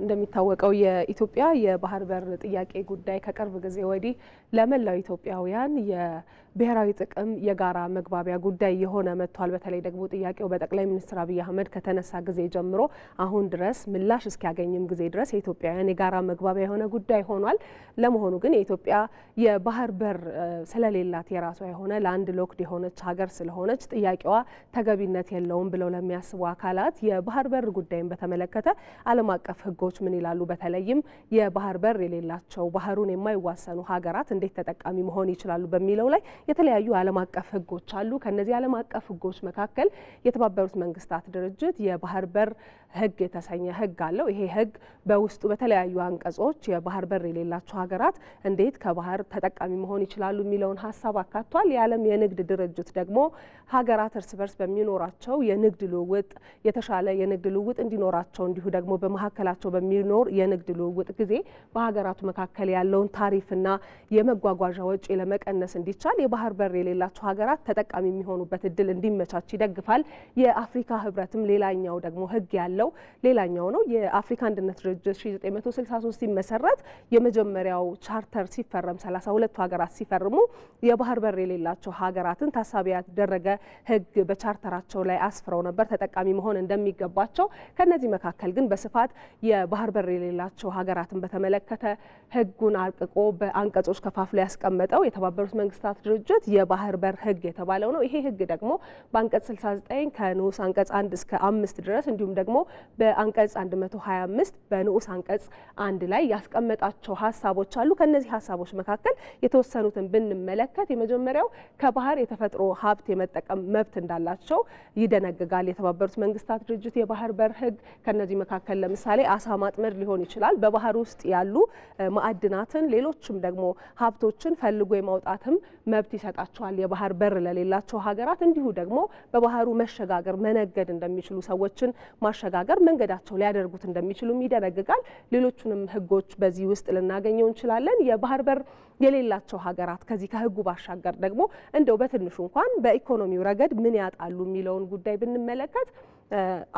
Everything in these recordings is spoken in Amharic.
እንደሚታወቀው የኢትዮጵያ የባህር በር ጥያቄ ጉዳይ ከቅርብ ጊዜ ወዲህ ለመላው ኢትዮጵያውያን የብሔራዊ ጥቅም የጋራ መግባቢያ ጉዳይ የሆነ መጥቷል። በተለይ ደግሞ ጥያቄው በጠቅላይ ሚኒስትር አብይ አህመድ ከተነሳ ጊዜ ጀምሮ አሁን ድረስ ምላሽ እስኪያገኝም ጊዜ ድረስ የኢትዮጵያውያን የጋራ መግባቢያ የሆነ ጉዳይ ሆኗል። ለመሆኑ ግን የኢትዮጵያ የባህር በር ስለሌላት የራሷ የሆነ ለአንድ ሎክድ የሆነች ሀገር ስለሆነች ጥያቄዋ ተገቢነት የለውም ብለው ለሚያስቡ አካላት የባህር በር ጉዳይን በተመለከተ ዓለም አቀፍ ህጎች ምን ይላሉ? በተለይም የባህር በር የሌላቸው ባህሩን የማይዋሰኑ ሀገራት እንዴት ተጠቃሚ መሆን ይችላሉ? በሚለው ላይ የተለያዩ ዓለም አቀፍ ህጎች አሉ። ከነዚህ ዓለም አቀፍ ህጎች መካከል የተባበሩት መንግስታት ድርጅት የባህር በር ህግ የተሰኘ ህግ አለው። ይሄ ህግ በውስጡ በተለያዩ አንቀጾች የባህር በር የሌላቸው ሀገራት እንዴት ከባህር ተጠቃሚ መሆን ይችላሉ የሚለውን ሀሳብ አካቷል። የዓለም የንግድ ድርጅት ደግሞ ሀገራት እርስ በርስ በሚኖራቸው የንግድ ልውውጥ የተሻለ የንግድ ልውውጥ እንዲኖራቸው እንዲሁ ደግሞ በመካከላቸው በመካከላቸው በሚኖር የንግድ ልውውጥ ጊዜ በሀገራቱ መካከል ያለውን ታሪፍና የመጓጓዣ ወጪ ለመቀነስ እንዲቻል የባህር በር የሌላቸው ሀገራት ተጠቃሚ የሚሆኑበት እድል እንዲመቻች ይደግፋል። የአፍሪካ ህብረትም ሌላኛው ደግሞ ህግ ያለው ሌላኛው ነው። የአፍሪካ አንድነት ድርጅት 1963 ሲመሰረት የመጀመሪያው ቻርተር ሲፈረም 32ቱ ሀገራት ሲፈርሙ የባህር በር የሌላቸው ሀገራትን ታሳቢ ያደረገ ህግ በቻርተራቸው ላይ አስፍረው ነበር ተጠቃሚ መሆን እንደሚገባቸው። ከነዚህ መካከል ግን በስፋት የባህር በር የሌላቸው ሀገራትን በተመለከተ ህጉን አርቅቆ በአንቀጾች ከፋፍሎ ያስቀመጠው የተባበሩት መንግስታት ድርጅት የባህር በር ህግ የተባለው ነው። ይሄ ህግ ደግሞ በአንቀጽ 69 ከንዑስ አንቀጽ 1 እስከ 5 ድረስ እንዲሁም ደግሞ በአንቀጽ 125 በንዑስ አንቀጽ አንድ ላይ ያስቀመጣቸው ሀሳቦች አሉ። ከነዚህ ሀሳቦች መካከል የተወሰኑትን ብንመለከት የመጀመሪያው ከባህር የተፈጥሮ ሀብት የመጠቀም መብት እንዳላቸው ይደነግጋል የተባበሩት መንግስታት ድርጅት የባህር በር ህግ ከነዚህ መካከል ለምሳሌ አሳ ማጥመድ ሊሆን ይችላል። በባህር ውስጥ ያሉ ማዕድናትን፣ ሌሎችም ደግሞ ሀብቶችን ፈልጎ የማውጣትም መብት ይሰጣቸዋል። የባህር በር ለሌላቸው ሀገራት እንዲሁ ደግሞ በባህሩ መሸጋገር መነገድ እንደሚችሉ ሰዎችን ማሸጋገር መንገዳቸው ሊያደርጉት እንደሚችሉም ይደነግጋል። ሌሎቹንም ህጎች በዚህ ውስጥ ልናገኘው እንችላለን። የባህር በር የሌላቸው ሀገራት ከዚህ ከህጉ ባሻገር ደግሞ እንደው በትንሹ እንኳን በኢኮኖሚው ረገድ ምን ያጣሉ የሚለውን ጉዳይ ብንመለከት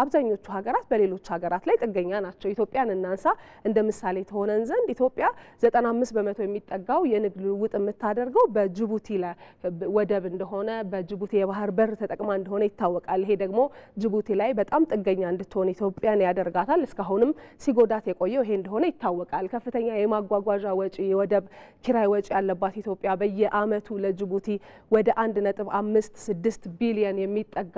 አብዛኞቹ ሀገራት በሌሎች ሀገራት ላይ ጥገኛ ናቸው። ኢትዮጵያን እናንሳ እንደ ምሳሌ ተሆነን ዘንድ ኢትዮጵያ 95 በመቶ የሚጠጋው የንግድ ልውውጥ የምታደርገው በጅቡቲ ወደብ እንደሆነ በጅቡቲ የባህር በር ተጠቅማ እንደሆነ ይታወቃል። ይሄ ደግሞ ጅቡቲ ላይ በጣም ጥገኛ እንድትሆን ኢትዮጵያን ያደርጋታል። እስካሁንም ሲጎዳት የቆየው ይሄ እንደሆነ ይታወቃል። ከፍተኛ የማጓጓዣ ወጪ፣ የወደብ ኪራይ ወጪ ያለባት ኢትዮጵያ በየዓመቱ ለጅቡቲ ወደ 1.56 ቢሊየን የሚጠጋ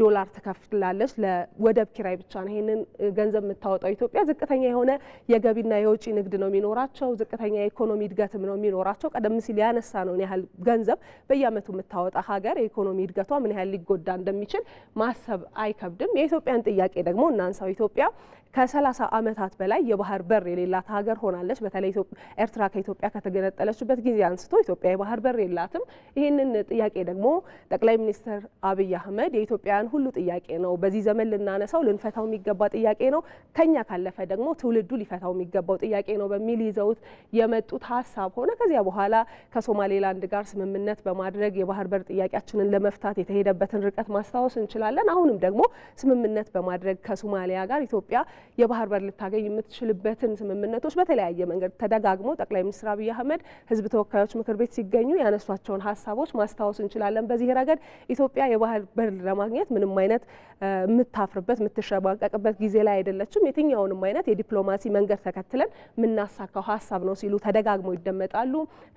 ዶላር ትከፍላለች ለወደብ ኪራይ ብቻ ነው። ይህንን ገንዘብ የምታወጣው ኢትዮጵያ ዝቅተኛ የሆነ የገቢና የውጪ ንግድ ነው የሚኖራቸው፣ ዝቅተኛ የኢኮኖሚ እድገትም ነው የሚኖራቸው። ቀደም ሲል ያነሳ ነውን ያህል ገንዘብ በየዓመቱ የምታወጣ ሀገር የኢኮኖሚ እድገቷ ምን ያህል ሊጎዳ እንደሚችል ማሰብ አይከብድም። የኢትዮጵያን ጥያቄ ደግሞ እናንሳው። ኢትዮጵያ ከሰላሳ ዓመታት በላይ የባህር በር የሌላት ሀገር ሆናለች። በተለይ ኤርትራ ከኢትዮጵያ ከተገነጠለችበት ጊዜ አንስቶ ኢትዮጵያ የባህር በር የላትም። ይህንን ጥያቄ ደግሞ ጠቅላይ ሚኒስትር አብይ አህመድ የኢትዮጵያውያን ሁሉ ጥያቄ ነው፣ በዚህ ዘመን ልናነሳው ልንፈታው የሚገባ ጥያቄ ነው፣ ከኛ ካለፈ ደግሞ ትውልዱ ሊፈታው የሚገባው ጥያቄ ነው በሚል ይዘውት የመጡት ሀሳብ ሆነ። ከዚያ በኋላ ከሶማሌላንድ ጋር ስምምነት በማድረግ የባህር በር ጥያቄያችንን ለመፍታት የተሄደበትን ርቀት ማስታወስ እንችላለን። አሁንም ደግሞ ስምምነት በማድረግ ከሶማሊያ ጋር ኢትዮጵያ የባህር በር ልታገኝ የምትችልበትን ስምምነቶች በተለያየ መንገድ ተደጋግሞ ጠቅላይ ሚኒስትር አብይ አህመድ ህዝብ ተወካዮች ምክር ቤት ሲገኙ ያነሷቸውን ሀሳቦች ማስታወስ እንችላለን። በዚህ ረገድ ኢትዮጵያ የባህር በር ለማግኘት ምንም አይነት የምታፍርበት የምትሸማቀቅበት ጊዜ ላይ አይደለችም። የትኛውንም አይነት የዲፕሎማሲ መንገድ ተከትለን የምናሳካው ሀሳብ ነው ሲሉ ተደጋግሞ ይደመጣሉ።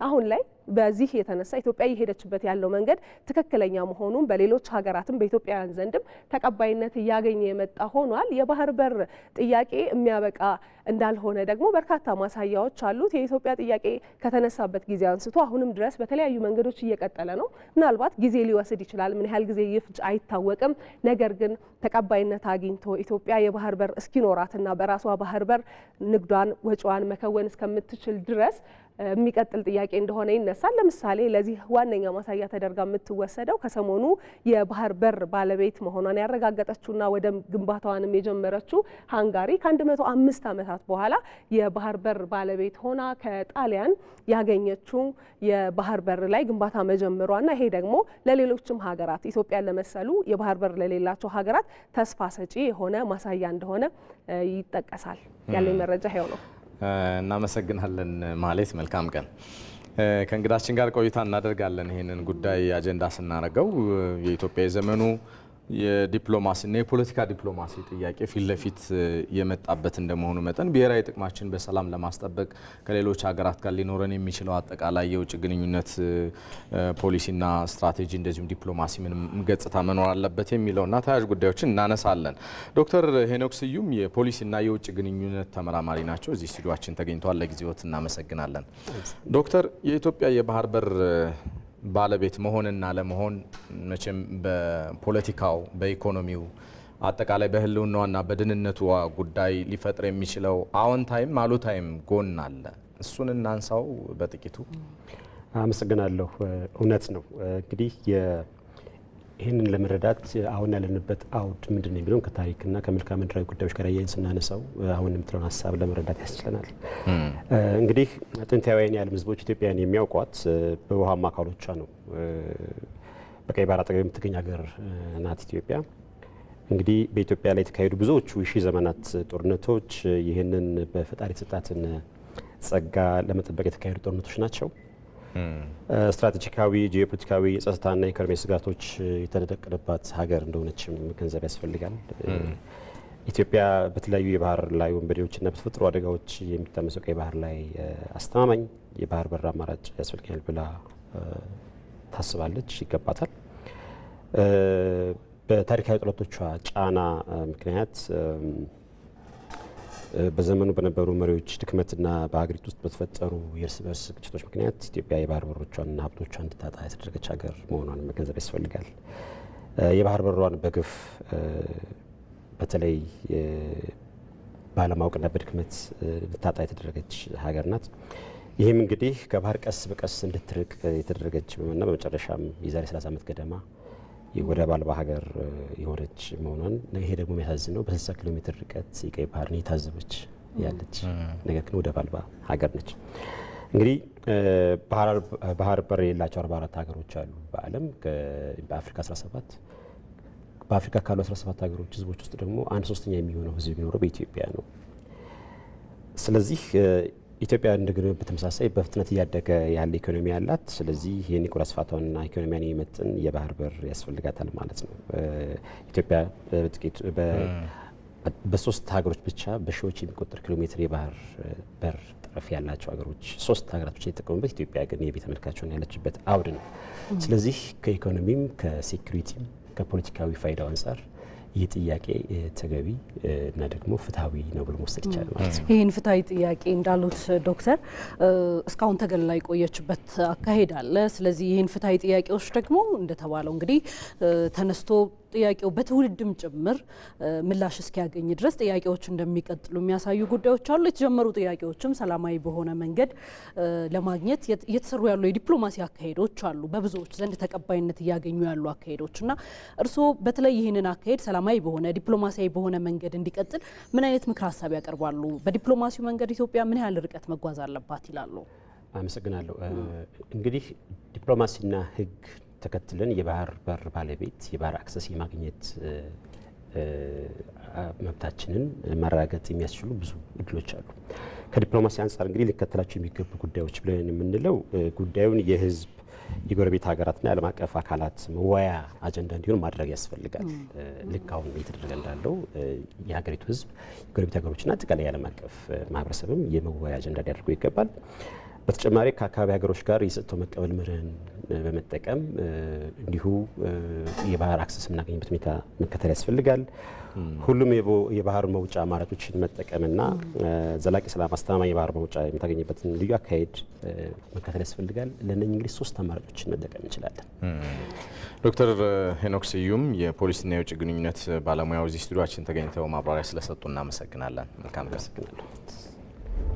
አሁን ላይ በዚህ የተነሳ ኢትዮጵያ እየሄደችበት ያለው መንገድ ትክክለኛ መሆኑን በሌሎች ሀገራትም በኢትዮጵያውያን ዘንድም ተቀባይነት እያገኘ የመጣ ሆኗል። የባህር በር ጥያቄ የሚያበቃ እንዳልሆነ ደግሞ በርካታ ማሳያዎች አሉት። የኢትዮጵያ ጥያቄ ከተነሳበት ጊዜ አንስቶ አሁንም ድረስ በተለያዩ መንገዶች እየቀጠለ ነው። ምናልባት ጊዜ ሊወስድ ይችላል፣ ምን ያህል ጊዜ ይፍጅ አይታወቅም። ነገር ግን ተቀባይነት አግኝቶ ኢትዮጵያ የባህር በር እስኪኖራትና በራሷ ባህር በር ንግዷን፣ ወጪዋን መከወን እስከምትችል ድረስ የሚቀጥል ጥያቄ እንደሆነ ይነሳል። ለምሳሌ ለዚህ ዋነኛ ማሳያ ተደርጋ የምትወሰደው ከሰሞኑ የባህር በር ባለቤት መሆኗን ያረጋገጠችውና ወደ ግንባታዋንም የጀመረችው ሃንጋሪ ከ አምስት ዓመታት በኋላ የባህር በር ባለቤት ሆና ከጣሊያን ያገኘችው የባህር በር ላይ ግንባታ መጀመሯና ይሄ ደግሞ ለሌሎችም ሀገራት ኢትዮጵያን ለመሰሉ የባህር በር ለሌላቸው ሀገራት ተስፋ ሰጪ የሆነ ማሳያ እንደሆነ ይጠቀሳል። ያለኝ መረጃ ይኸው ነው። እናመሰግናለን ማለት መልካም ቀን። ከእንግዳችን ጋር ቆይታ እናደርጋለን። ይህንን ጉዳይ አጀንዳ ስናደርገው የኢትዮጵያ የዘመኑ የዲፕሎማሲና የፖለቲካ ዲፕሎማሲ ጥያቄ ፊት ለፊት የመጣበት እንደመሆኑ መጠን ብሔራዊ ጥቅማችን በሰላም ለማስጠበቅ ከሌሎች ሀገራት ጋር ሊኖረን የሚችለው አጠቃላይ የውጭ ግንኙነት ፖሊሲና ስትራቴጂ እንደዚሁም ዲፕሎማሲ ምንም ገጽታ መኖር አለበት የሚለውና ተያያዥ ጉዳዮችን እናነሳለን። ዶክተር ሄኖክ ስዩም የፖሊሲና የውጭ ግንኙነት ተመራማሪ ናቸው። እዚህ ስቱዲዮችን ተገኝተዋል። ለጊዜዎት እናመሰግናለን ዶክተር። የኢትዮጵያ የባህር በር ባለቤት መሆንና ለመሆን መቼም በፖለቲካው፣ በኢኮኖሚው፣ አጠቃላይ በህልውናዋና በድንነቱ ጉዳይ ሊፈጥር የሚችለው አዎንታይም አሉታይም ጎን አለ። እሱን እናንሳው በጥቂቱ። አመሰግናለሁ። እውነት ነው እንግዲህ ይህንን ለመረዳት አሁን ያለንበት አውድ ምንድን ነው የሚለውን ከታሪክና ከመልክዓ ምድራዊ ጉዳዮች ጋር እያይን ስናነሳው አሁን የምትለውን ሀሳብ ለመረዳት ያስችለናል። እንግዲህ ጥንታውያን የዓለም ህዝቦች ኢትዮጵያን የሚያውቋት በውሃማ አካሎቿ ነው። በቀይ ባህር አጠገብ የምትገኝ ሀገር ናት ኢትዮጵያ። እንግዲህ በኢትዮጵያ ላይ የተካሄዱ ብዙዎቹ የሺህ ዘመናት ጦርነቶች ይህንን በፈጣሪ የተሰጣትን ጸጋ ለመጠበቅ የተካሄዱ ጦርነቶች ናቸው። ስትራቴጂካዊ ጂኦፖለቲካዊ የጸጥታና የኢኮኖሚ ስጋቶች የተደቀነባት ሀገር እንደሆነችም ገንዘብ ያስፈልጋል። ኢትዮጵያ በተለያዩ የባህር ላይ ወንበዴዎችና በተፈጥሮ አደጋዎች የሚታመሰቀ የባህር ላይ አስተማማኝ የባህር በር አማራጭ ያስፈልጋል ብላ ታስባለች፣ ይገባታል። በታሪካዊ ጥረቶቿ ጫና ምክንያት በዘመኑ በነበሩ መሪዎች ድክመትና በሀገሪቱ ውስጥ በተፈጠሩ የእርስ በርስ ግጭቶች ምክንያት ኢትዮጵያ የባህር በሮቿንና ሀብቶቿን እንድታጣ የተደረገች ሀገር መሆኗን መገንዘብ ያስፈልጋል። የባህር በሯን በግፍ በተለይ ባለማወቅና በድክመት እንድታጣ የተደረገች ሀገር ናት። ይህም እንግዲህ ከባህር ቀስ በቀስ እንድትርቅ የተደረገች በመና በመጨረሻም የዛሬ 30 ዓመት ገደማ የወደብ አልባ ሀገር የሆነች መሆኗን ይሄ ደግሞ የሚያሳዝነው በ60 ኪሎ ሜትር ርቀት የቀይ ባህርን የታዘበች ያለች ነገር ግን ወደብ አልባ ሀገር ነች። እንግዲህ ባህር በር የሌላቸው 44 ሀገሮች አሉ በዓለም በአፍሪካ 17 በአፍሪካ ካሉ 17 ሀገሮች ህዝቦች ውስጥ ደግሞ አንድ ሶስተኛ የሚሆነው ህዝብ የሚኖረው በኢትዮጵያ ነው። ስለዚህ ኢትዮጵያ እንደ በተመሳሳይ በፍጥነት እያደገ ያለ ኢኮኖሚ ያላት። ስለዚህ ይህን የቆዳ ስፋቷንና ኢኮኖሚያን የሚመጥን የባህር በር ያስፈልጋታል ማለት ነው። ኢትዮጵያ በጥቂቱ በሶስት ሀገሮች ብቻ በሺዎች የሚቆጠር ኪሎ ሜትር የባህር በር ጠረፍ ያላቸው ሀገሮች ሶስት ሀገራት ብቻ የተጠቀሙበት፣ ኢትዮጵያ ግን የቤተ መልካቸውን ያለችበት አውድ ነው። ስለዚህ ከኢኮኖሚም ከሴኩሪቲም ከፖለቲካዊ ፋይዳው አንጻር ይህ ጥያቄ ተገቢ እና ደግሞ ፍትሐዊ ነው ብሎ መውሰድ ይቻላል ማለት ነው። ይህን ፍትሐዊ ጥያቄ እንዳሉት ዶክተር እስካሁን ተገልላ የቆየችበት አካሄድ አለ። ስለዚህ ይህን ፍትሐዊ ጥያቄዎች ደግሞ እንደተባለው እንግዲህ ተነስቶ ጥያቄው በትውልድም ጭምር ምላሽ እስኪያገኝ ድረስ ጥያቄዎች እንደሚቀጥሉ የሚያሳዩ ጉዳዮች አሉ። የተጀመሩ ጥያቄዎችም ሰላማዊ በሆነ መንገድ ለማግኘት እየተሰሩ ያሉ የዲፕሎማሲ አካሄዶች አሉ። በብዙዎች ዘንድ ተቀባይነት እያገኙ ያሉ አካሄዶች እና እርስዎ በተለይ ይህንን አካሄድ ሰላማዊ በሆነ ዲፕሎማሲያዊ በሆነ መንገድ እንዲቀጥል ምን አይነት ምክር ሀሳብ ያቀርባሉ? በዲፕሎማሲው መንገድ ኢትዮጵያ ምን ያህል ርቀት መጓዝ አለባት ይላሉ? አመሰግናለሁ። እንግዲህ ዲፕሎማሲና ህግ ተከትለን የባህር በር ባለቤት የባህር አክሰስ የማግኘት መብታችንን ማረጋገጥ የሚያስችሉ ብዙ እድሎች አሉ። ከዲፕሎማሲ አንጻር እንግዲህ ሊከተላቸው የሚገቡ ጉዳዮች ብለን የምንለው ጉዳዩን የህዝብ የጎረቤት ሀገራትና የዓለም አቀፍ አካላት መወያ አጀንዳ እንዲሆን ማድረግ ያስፈልጋል። ልክ አሁን እየተደረገ እንዳለው የሀገሪቱ ህዝብ የጎረቤት ሀገሮችና አጠቃላይ የዓለም አቀፍ ማህበረሰብም የመወያ አጀንዳ ሊያደርገው ይገባል። በተጨማሪ ከአካባቢ ሀገሮች ጋር የሰጥቶ መቀበል ምርህን በመጠቀም እንዲሁ የባህር አክሰስ የምናገኝበት ሁኔታ መከተል ያስፈልጋል። ሁሉም የባህር መውጫ አማራጮችን መጠቀምና ዘላቂ ሰላም፣ አስተማማኝ የባህር መውጫ የምታገኝበትን ልዩ አካሄድ መከተል ያስፈልጋል። ለነኝ እንግዲህ ሶስት አማራጮችን መጠቀም እንችላለን። ዶክተር ሄኖክ ስዩም የፖሊስና የውጭ ግንኙነት ባለሙያው እዚህ ስቱዲዮችን ተገኝተው ማብራሪያ ስለሰጡ እናመሰግናለን። መልካም